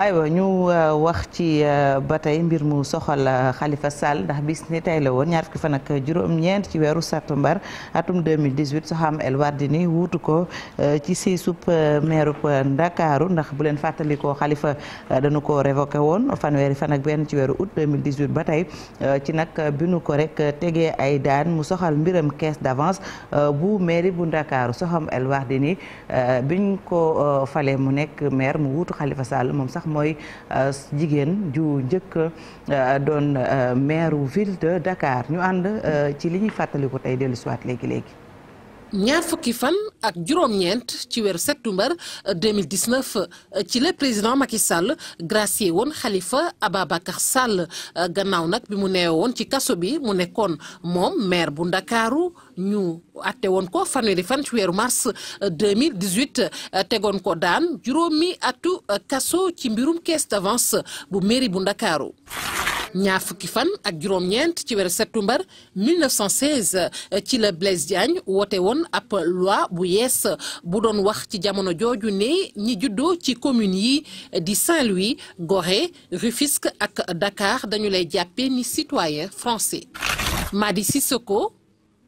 aywa ñu euh, wax ci euh, ba tey mbir mu soxal xalifa euh, Sall ndax bis ni tey la woon ñaar fukki fan ak juróom-ñeent ci weeru sattumbar atum 2018 Soham El Wardini wuutu ko ci siisub meerub Ndakaaru ndax bu leen fàttalikoo xalifa danu ko révoqué woon fanweeri fa ak benn ci weeru août 2018 ba tey ci nag bi nu ko rek tegee ay daan mu soxal mbiram caisse d'avance bu mairie bu Ndakaaru Soham El Wardini biñ ko falee mu nekk maire mu wuutu xalifa Sall moom sax mooy euh, jigéen ju njëkk euh, doon euh, maire ville de Dakar ñu ànd ci li ñuy fàttaliku tey dellu siwaat léegi léegi. ñaar fukki fan ak juróom-ñeent ci weeru septembre 2019 euh, ci la président Macky Sall gracié woon Khalifa Ababacar Sall euh, gannaaw nag bi mu nee woon ci kaso bi mu nekkoon moom maire bu Ndakaaru ñu atte woon ko fanweeri fan ci weeru mars 2018 euh, tegoon ko daan juróomi attu kaso ci mbirum caisse d'avance bu mairie bu Ndakaaru ñaar fukki fan ak juróom-ñeent ci weeru septembar 1916 eh, ci la Blaise Diagne woote woon ab loi bu yees bu doon wax ci jamono jooju ne ñi juddoo ci commune yi di Saint-Louis Gorée Rufisque ak Dakar dañu lay jàppee ni citoyen français Madi Sissoko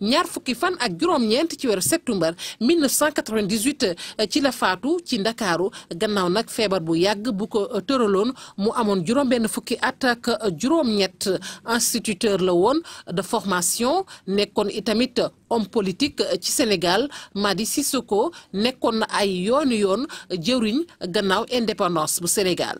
ñaar fukki fan ak juróom-ñeent ci weeru septembre eh, ci la faatu ci ndakaaru gannaaw nag feebar bu yàgg bu ko tëraloon mu amoon juróom-benn fukki at ak eh, juróom-ñett instituteur la woon de formation nekkoon itamit homme politique eh, ci Sénégal Madi Sissoko nekkoon na ay yoonu yoon jëriñ gannaaw indépendance bu Sénégal.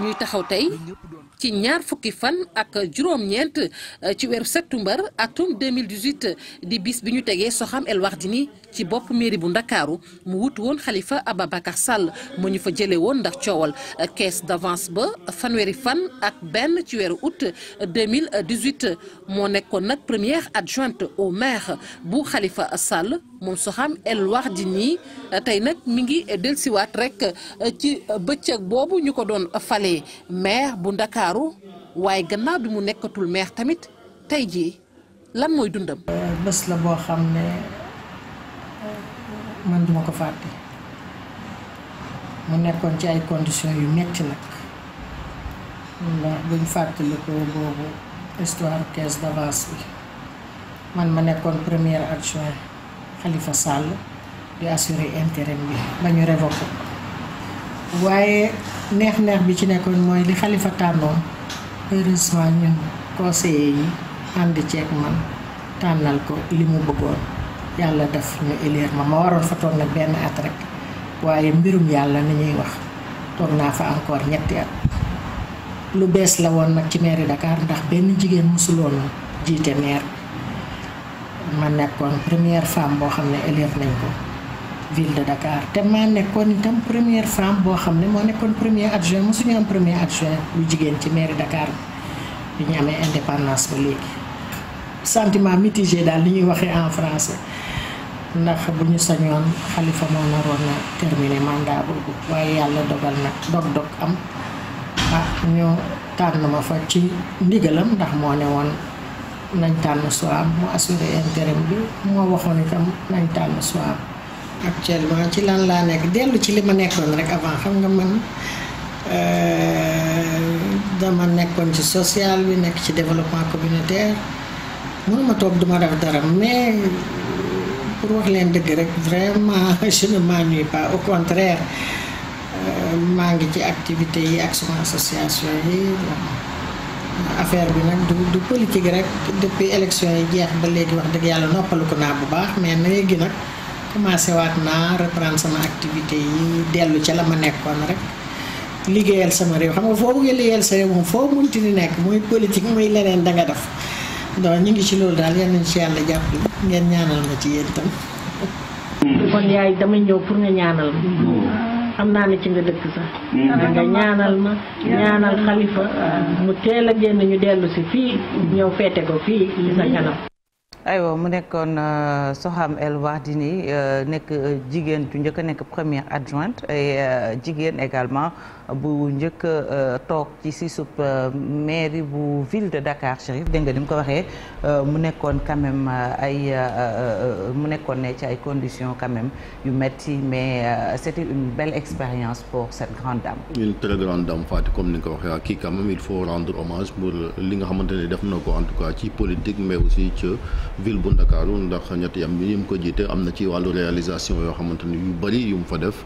ñuy taxaw tey ci ñaar fukki fan ak juróom-ñeent eh, ci weeru septembre atum 2018 di bis bi ñu tegee Soham El Wardini ci bopp mairie bu ndakaaru mu wut woon Khalifa Ababacar sàll mu ñu fa jëlee woon ndax coowal caisse d'avance ba fanweeri fan ak benn ci weeru août 2018 moo nekkoon nag première adjointe au maire bu Khalifa Sall moom Soham El Wardini tey nag mi ngi dellusiwaat rek ci bëccëg boobu ñu ko doon fale maire bu ndakaaru waaye gannaaw bi mu nekkatul maire tamit tey jii lan mooy dundam. bés la boo xam ne. man duma ko fàtte mu nekkoon ci ay conditions yu metti nag ndax buñ fàttalikoo boobu histoire caisse d'avance bi man ma nekkoon première adjoint xalifa sàll di assurer intérim bi ba ñu révoqué waaye neex-neex bi ci nekkoon mooy li xalifa tànnoon heureusement ñun conseillers yi ànd ceeg man tànnal ko li mu bëggoon yàlla def ñu élire ma ma waroon fa toog nag benn at rek waaye mbirum yàlla ni ñuy wax toog naa fa encore ñetti at lu bees la woon nag ci mairie Dakar ndax benn jigéen mosuloon jiite maire ma nekkoon première femme boo xam ne élire nañ ko ville de Dakar te ma nekkoon itam première femme boo xam ne moo nekkoon premier adjoint mosuñu am premier adjoint lu jigéen ci mairie Dakar bi ñu amee indépendance ba léegi sentiment mitigé daal li ñuy waxee en français ndax bu ñu sañoon xalifa moo naroon a terminer mandat boobu waaye yàlla dogal nag dog-dog am ah ñu tànn ma fa ci ndigalam ndax moo ne woon nañ tànn soam mu assuré intérim bi moo waxoon itam nañ tànn actuellement ci lan laa nekk dellu ci li ma nekkoon rek avant xam nga man euh, dama nekkoon ci social bi nekk ci développement communautaire mënuma toog duma def dara mais pour wax leen dëgg rek vraiment je ne m'ennuie pas au contraire euh, maa ngi ci activité yi ak suma association yi affaire bi nag du du rek depuis élection yi jeex ba léegi wax dëgg yàlla noppaluku naa bu baax mais na léegi nag commencé waat naa reprendre sama activité yi dellu ci la ma nekkoon rek liggéeyal sama réew xam nga foo bëggee liggéeyal sa réew moom foo munti di nekk muy politique muy leneen da def. non ñu ngi ci loolu daal yal nañu si yàlla jàpp ngeen ñaanal ma ci yéen tam. kon yaay dama ñëw pour nga ñaanal ma. xam naa ne ci nga dëkk sax mm-hmm. nga ñaanal ma ñaanal xalifa mm-hmm. mu teel a génn ñu dellusi fii ñëw feete ko fii ci sa kanam aywa mu nekkoon euh, Soham El Wardini euh, nekk euh, jigéen ju njëkk a nekk première adjointe ay jigéen également bu njëkk toog ci si sub mairie bu ville de Dakar Chérif dégg nga ni mu ko waxee mu nekkoon quand même ay mu nekkoon ne ci ay condition quand même yu metti mais c'était une belle expérience pour cette grande dame. une très grande dame Fatou comme ni nga ko waxee waaw kii quand même il faut rendre hommage pour li nga xamante ne def na ko en tout cas ci politique mais aussi ci. ville bu Ndakaaru ndax ñett yam yi mu ko jiite am na ci wàllu réalisation yoo xamante ni yu bëri yu mu fa def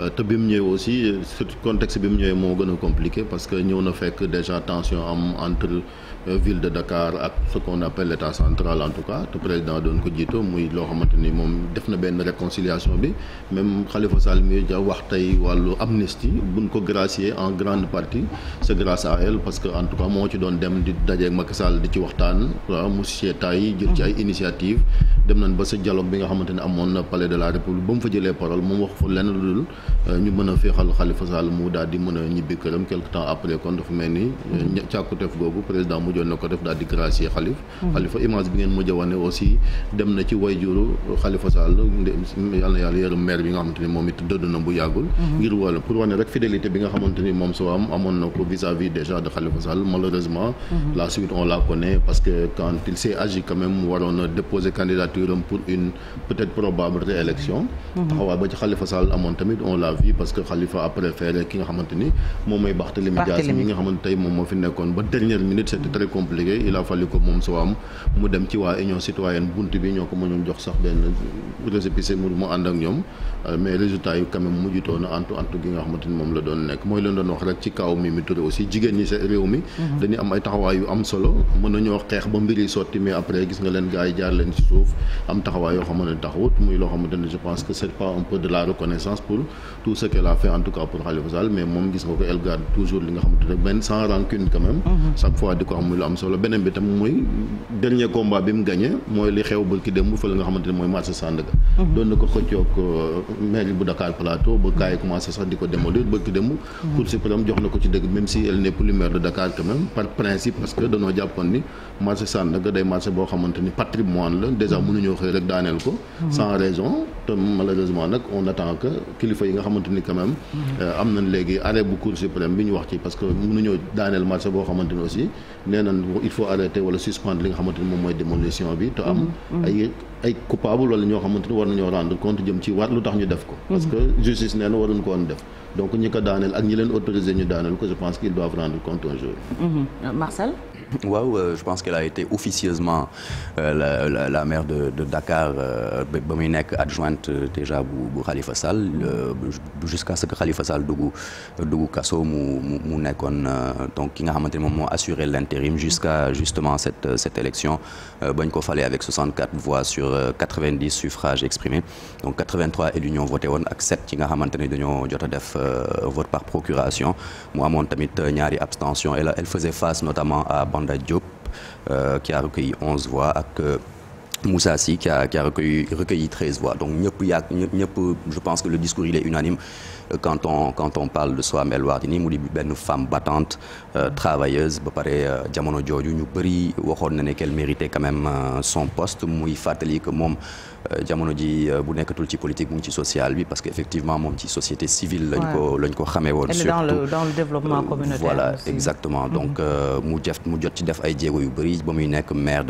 Euh, te bi mu ñëwee aussi surtout contexte bi mu ñëwee moo gën a compliqué parce que ñëw na fekk déjà tension am entre euh, ville de Dakar ak ce qu'on appelle l'état central en tout cas te président doon ko jiito muy loo xamante ni moom def na benn réconciliation bi même xalifa Sall mi wax tey wàllu amnistie buñ ko gracier en grande partie c'est grâce à elle parce que en tout cas moo ci doon dem di dajeeg Macky Sall di ci waxtaan waaw mu seetaa yi jël ci ay initiative dem nañ ba sa dialogue bi nga xamante ne amoon na palais de mu fa jëlee parole moom wax fa lenn Euh, ñu mën a féexal Khalifa Sall mu daal di mën a ñibbi këram quelque temps après kon dafa mel ni euh, càkkuteef googu président mujjoon na ko def daal di gracier xalif xalifa mmh. image bi ngeen mujj a wane aussi dem na ci wayjuru Khalifa Sall ni moom it dëdd na mmh. na ko vis-à-vis déjà de Khalifa malheureusement mmh. la suite on la connaît parce que quand il s'est agi quand même waroon a déposer candidature pour une peut-être probable réélection taxawaay ba l'a vu parce que Khalifa a préféré ki nga xamante moom mooy Barthélémy mi nga xamante tey moom moo fi nekkoon ba dernière minute c'était très compliqué il a fallu que moom sawaam mu dem ci waa union citoyenne bunt bi ñoo ko ma ñoom jox sax benn euh, réew mi mhm. dañuy am ay taxawaay am solo mën nañoo xeex ba mbir sotti mais après gis nga leen gars yi jaar leen suuf am taxawaay yoo xamante ne taxawut muy loo xamante je pense que c'est pas un peu de la reconnaissance tout ce qu'elle a fait en tout cas pour Khalifa Sall mais moom gis nga ko elle garde toujours li nga xamante benn sans rancune quand mhm. chaque fois di ko am muy lu am solo beneen bi tam mooy dernier combat bi mu gagné mooy li xew ba ki dem nga xamante mooy marché Sandaga. Mhm. doon na ko xëccoog euh, maire bu Dakar Plateau ba kaay mhm. commencé sax di ko démolir ba ki dem. Cour suprême jox na ko ci dëgg même si elle n'est plus de Dakar quand même par principe parce nga xamante ni quand euh, am nañ léegi arrêt bu cour suprême bi ñu wax ci parce que mënuñoo daaneel marché boo xamante ni aussi nee il faut arrêter wala suspendre li nga xamante ni moom mooy démolition bi te am mm-hmm. ay ay coupable wala ñoo xamante ni war nañoo rendre compte jëm ci war lu tax ñu def ko mm-hmm. parce que justice nee na waruñ ko woon def donc ñi ko daaneel mm-hmm. euh, waaw euh, je pense qu'elle a été officieusement euh, la, la la de de Dakar euh, ba muy nekk adjointe déjà bu bu Khalifa Sall jusqu'à ce que Khalifa Sall dugg dugg kaso mu mu mu nekkoon donc ki nga xamante ne moom moo assuré l'intérim jusqu'à justement cette cette élection bañ ko falee avec 64 voix sur 90 suffrages exprimés donc 83 et l'union voté woon ak 7 nga xamante ne dañoo a def. Euh, vote par procuration mu amoon euh, tamit ñaari abstention et là elle faisait face notamment à Banda Diop euh, qui a recueilli onze voix ak Moussa Sy qui a, recueilli, recueilli 13 Donc ñëpp yaa ñëpp je pense que le discours il est unanime euh, quand on quand on parle de Soham El mu di benn femme battante euh, ba pare euh, jamono jooju ñu bëri waxoon na ne qu'elle méritait quand même euh, son poste muy fàttali que moom jamono ji bu nekkatul ci politique mu ngi ci sociale bi parce que effectivement moom ci société civile. lañ ko lañ ko xamee woon. surtout dans le dans le développement communautaire voilà exactement mm-hmm. donc mu jëf mu jot ci def ay jéego yu bëri ba muy nekk maire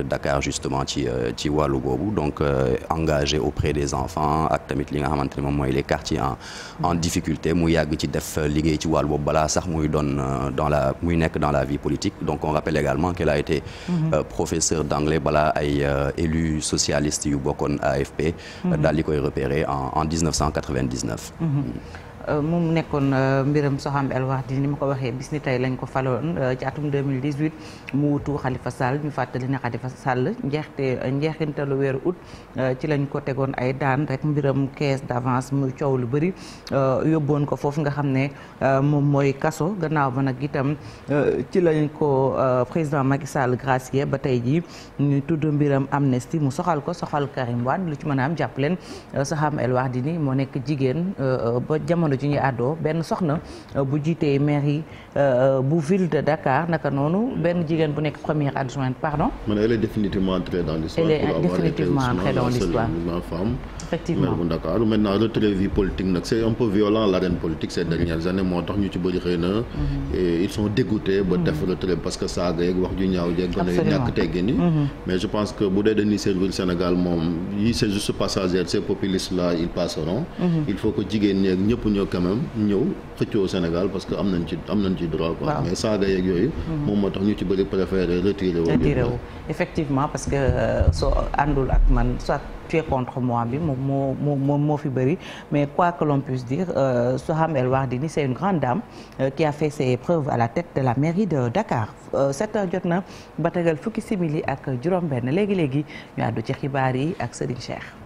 wàllu boobu donc euh, engagé auprès des enfants ak tamit li nga xamante ne moom mooy les quartiers en en difficulté mu yàgg ci def euh, liggéey ci wàllu boobu balaa sax muy doon euh, dans la muy nekk dans la vie politique donc on rappelle également qu'elle a été mm-hmm. yu bokkoon AFP mm-hmm. daal di koy repérer en en Euh, mu nekkoon euh, mbiram Soham El wax ni ma ko waxee bis ni tey lañ ko faloon euh, ci atum 2018 mu wutu Khalifa Sall ñu fàttali ne Khalifa Sall njeexte njeexintalu weeru août ci lañ ko tegoon ay daan rek mbiram caisse d'avance mu coow lu bëri yóbboon ko foofu nga xam ne moom mooy kaso gannaaw ba nag itam ci lañ ko président Macky Sall gracier ba tey jii ñu tudd mbiram amnistie mu soxal ko soxal Karim Wade lu ci mën a am jàpp leen Soham moo nekk jigéen ba jamono ci ñuy àddoo benn soxna euh, bu jiitee mairie euh, euh, bu ville de Dakar naka noonu benn jigéen bu nekk première adjointe pardon. man elle est définitivement entrée dans l'histoire. définitivement entrée dans l'histoire femme. effectivement maire bu Dakar maintenant retrait vie politique nag c'est un peu violent l'arène politique ces dernières années moo tax ñu ci bëri xëy na. Mhm. ils sont dégoûtés ba def retrait mhm. parce que saaga yeeg wax ju ñaaw jeeg gën mhm. a quand même ñëw xëccoo Sénégal parce que am nañ ci am nañ ci droit quoi mais saaga yooyu mhm. moom moo tax ñu ci bëri préféré retiré wu retiré effectivement parce que euh, soo àndul ak man soit tu es contre moi bi moom moo moo moo fi bëri mais quoi que l'on puisse dire euh, Soham El Wardini c'est une grande dame euh, qui a fait ses preuves à la tête de la mairie de Dakar sept heures jot na ba tegal fukki simili ak juróom benn léegi-léegi ñu àddu ci xibaar yi ak Serigne Cheikh